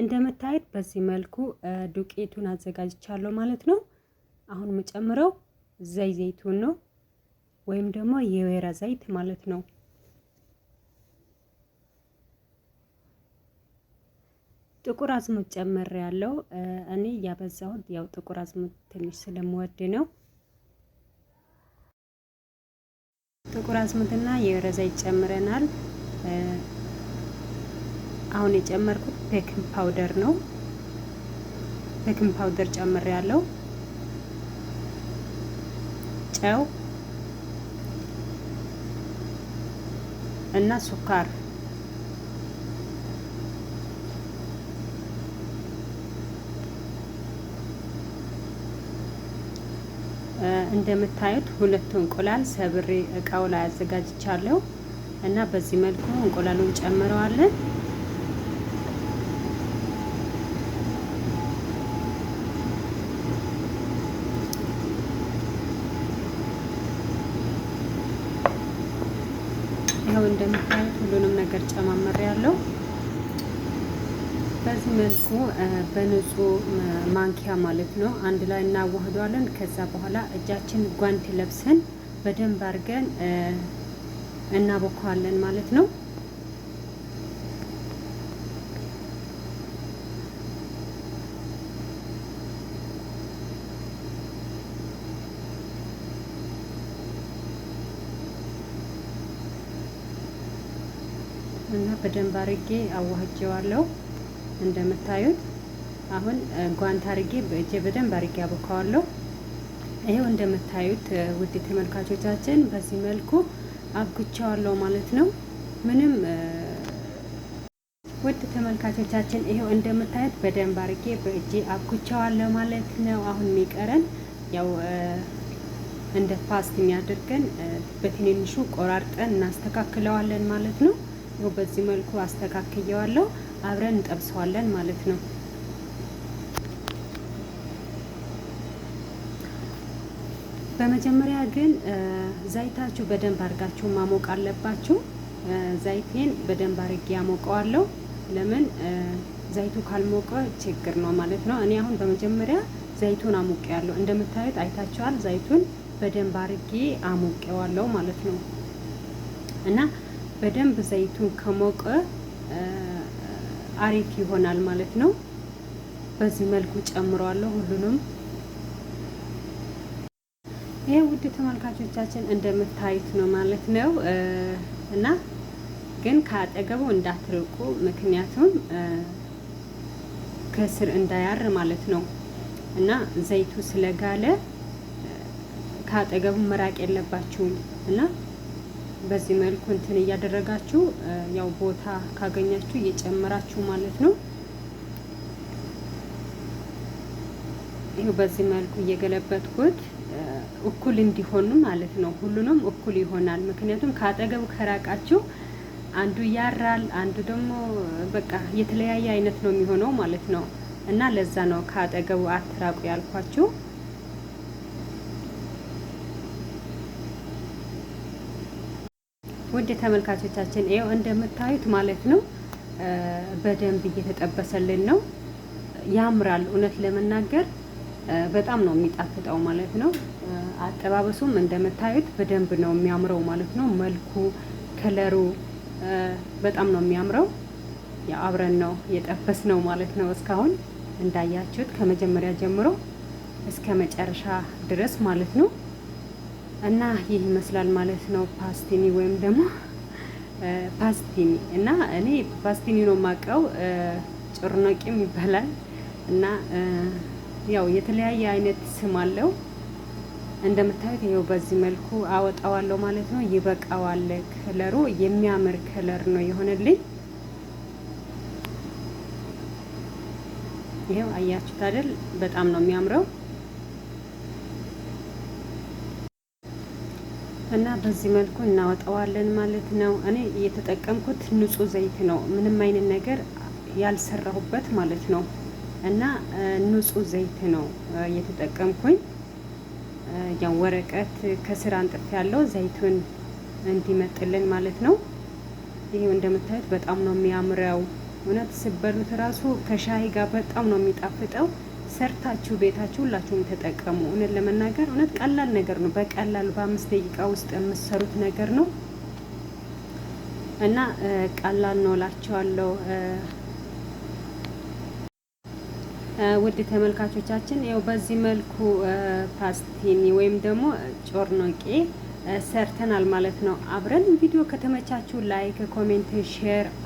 እንደምታዩት በዚህ መልኩ ዱቄቱን አዘጋጅቻለሁ ማለት ነው። አሁን የምጨምረው ዘይ ዘይቱን ነው ወይም ደግሞ የወይራ ዘይት ማለት ነው። ጥቁር አዝሙድ ጨምር ያለው እኔ ያበዛሁት ያው ጥቁር አዝሙድ ትንሽ ስለምወድ ነው። ጥቁር አዝሙድና የወይራ ዘይት ጨምረናል። አሁን የጨመርኩት ቤኪንግ ፓውደር ነው። ቤኪንግ ፓውደር ጨምር ያለው ጨው እና ሱካር እንደምታዩት ሁለቱ እንቁላል ሰብሬ እቃው ላይ አዘጋጅቻለሁ እና በዚህ መልኩ እንቁላሉን ጨምረዋለን። እንደምታዩት ሁሉንም ነገር ጨማመር ያለው በዚህ መልኩ በንጹህ ማንኪያ ማለት ነው አንድ ላይ እናዋህዷለን። ከዛ በኋላ እጃችን ጓንት ለብሰን በደንብ አድርገን እናቦከዋለን ማለት ነው። እና በደንብ አርጌ አዋህጀዋለሁ። እንደምታዩት አሁን ጓንት አርጌ በእጄ በደንብ አርጌ አቦካዋለሁ። ይሄው እንደምታዩት ውድ ተመልካቾቻችን በዚህ መልኩ አብኩቻዋለሁ ማለት ነው። ምንም ውድ ተመልካቾቻችን ይሄው እንደምታዩት በደንብ አርጌ በእጄ አብኩቻዋለሁ ማለት ነው። አሁን የሚቀረን ያው እንደ ፓስት የሚያደርገን በትንንሹ ቆራርጠን እናስተካክለዋለን ማለት ነው። ይኸው በዚህ መልኩ አስተካክየዋለሁ። አብረን እንጠብሰዋለን ማለት ነው። በመጀመሪያ ግን ዘይታችሁ በደንብ አድርጋችሁ ማሞቅ አለባችሁ። ዘይቴን በደንብ አድርጌ ያሞቀዋለሁ። ለምን ዘይቱ ካልሞቀ ችግር ነው ማለት ነው። እኔ አሁን በመጀመሪያ ዘይቱን አሞቀዋለሁ። እንደምታዩት አይታችኋል። ዘይቱን በደንብ አድርጌ አሞቀዋለሁ ማለት ነው እና በደንብ ዘይቱን ከሞቀ አሪፍ ይሆናል ማለት ነው። በዚህ መልኩ ጨምረዋለሁ ሁሉንም። ይህ ውድ ተመልካቾቻችን እንደምታዩት ነው ማለት ነው እና ግን ከአጠገቡ እንዳትርቁ፣ ምክንያቱም ከስር እንዳያር ማለት ነው እና ዘይቱ ስለጋለ ከአጠገቡ መራቅ የለባችሁም እና በዚህ መልኩ እንትን እያደረጋችሁ ያው ቦታ ካገኛችሁ እየጨመራችሁ ማለት ነው። ይሄው በዚህ መልኩ እየገለበጥኩት እኩል እንዲሆን ማለት ነው። ሁሉንም እኩል ይሆናል። ምክንያቱም ከአጠገቡ ከራቃችሁ አንዱ ያራል፣ አንዱ ደግሞ በቃ የተለያየ አይነት ነው የሚሆነው ማለት ነው። እና ለዛ ነው ከአጠገቡ አትራቁ ያልኳችሁ። ውድ ተመልካቾቻችን ይኸው እንደምታዩት ማለት ነው በደንብ እየተጠበሰልን ነው። ያምራል። እውነት ለመናገር በጣም ነው የሚጣፍጠው ማለት ነው። አጠባበሱም እንደምታዩት በደንብ ነው የሚያምረው ማለት ነው። መልኩ፣ ከለሩ በጣም ነው የሚያምረው። አብረን ነው የጠበስ ነው ማለት ነው። እስካሁን እንዳያችሁት ከመጀመሪያ ጀምሮ እስከ መጨረሻ ድረስ ማለት ነው። እና ይህ ይመስላል ማለት ነው ፓስቲኒ ወይም ደግሞ ፓስቲኒ እና እኔ ፓስቲኒ ነው የማውቀው። ጭርነቂም ይባላል እና ያው የተለያየ አይነት ስም አለው። እንደምታዩት ይኸው በዚህ መልኩ አወጣዋለሁ ማለት ነው። ይበቃዋል። ከለሩ የሚያምር ከለር ነው የሆነልኝ። ይኸው አያችሁት አይደል? በጣም ነው የሚያምረው። እና በዚህ መልኩ እናወጣዋለን ማለት ነው። እኔ እየተጠቀምኩት ንጹህ ዘይት ነው፣ ምንም አይነት ነገር ያልሰራሁበት ማለት ነው። እና ንጹህ ዘይት ነው እየተጠቀምኩኝ። ያው ወረቀት ከስር አንጥፍ ያለው ዘይቱን እንዲመጥልን ማለት ነው። ይሄው እንደምታዩት በጣም ነው የሚያምረው። እውነት ስበሉት ራሱ ከሻይ ጋር በጣም ነው የሚጣፍጠው። ሰርታችሁ ቤታችሁ ሁላችሁም ተጠቀሙ። እውነት ለመናገር እውነት ቀላል ነገር ነው። በቀላሉ በአምስት ደቂቃ ውስጥ የምትሰሩት ነገር ነው እና ቀላል ነው እላችኋለሁ። ውድ ተመልካቾቻችን ያው በዚህ መልኩ ፓስቲኒ ወይም ደግሞ ጮርኖቄ ሰርተናል ማለት ነው። አብረን ቪዲዮ ከተመቻችሁ ላይክ፣ ኮሜንት፣ ሼር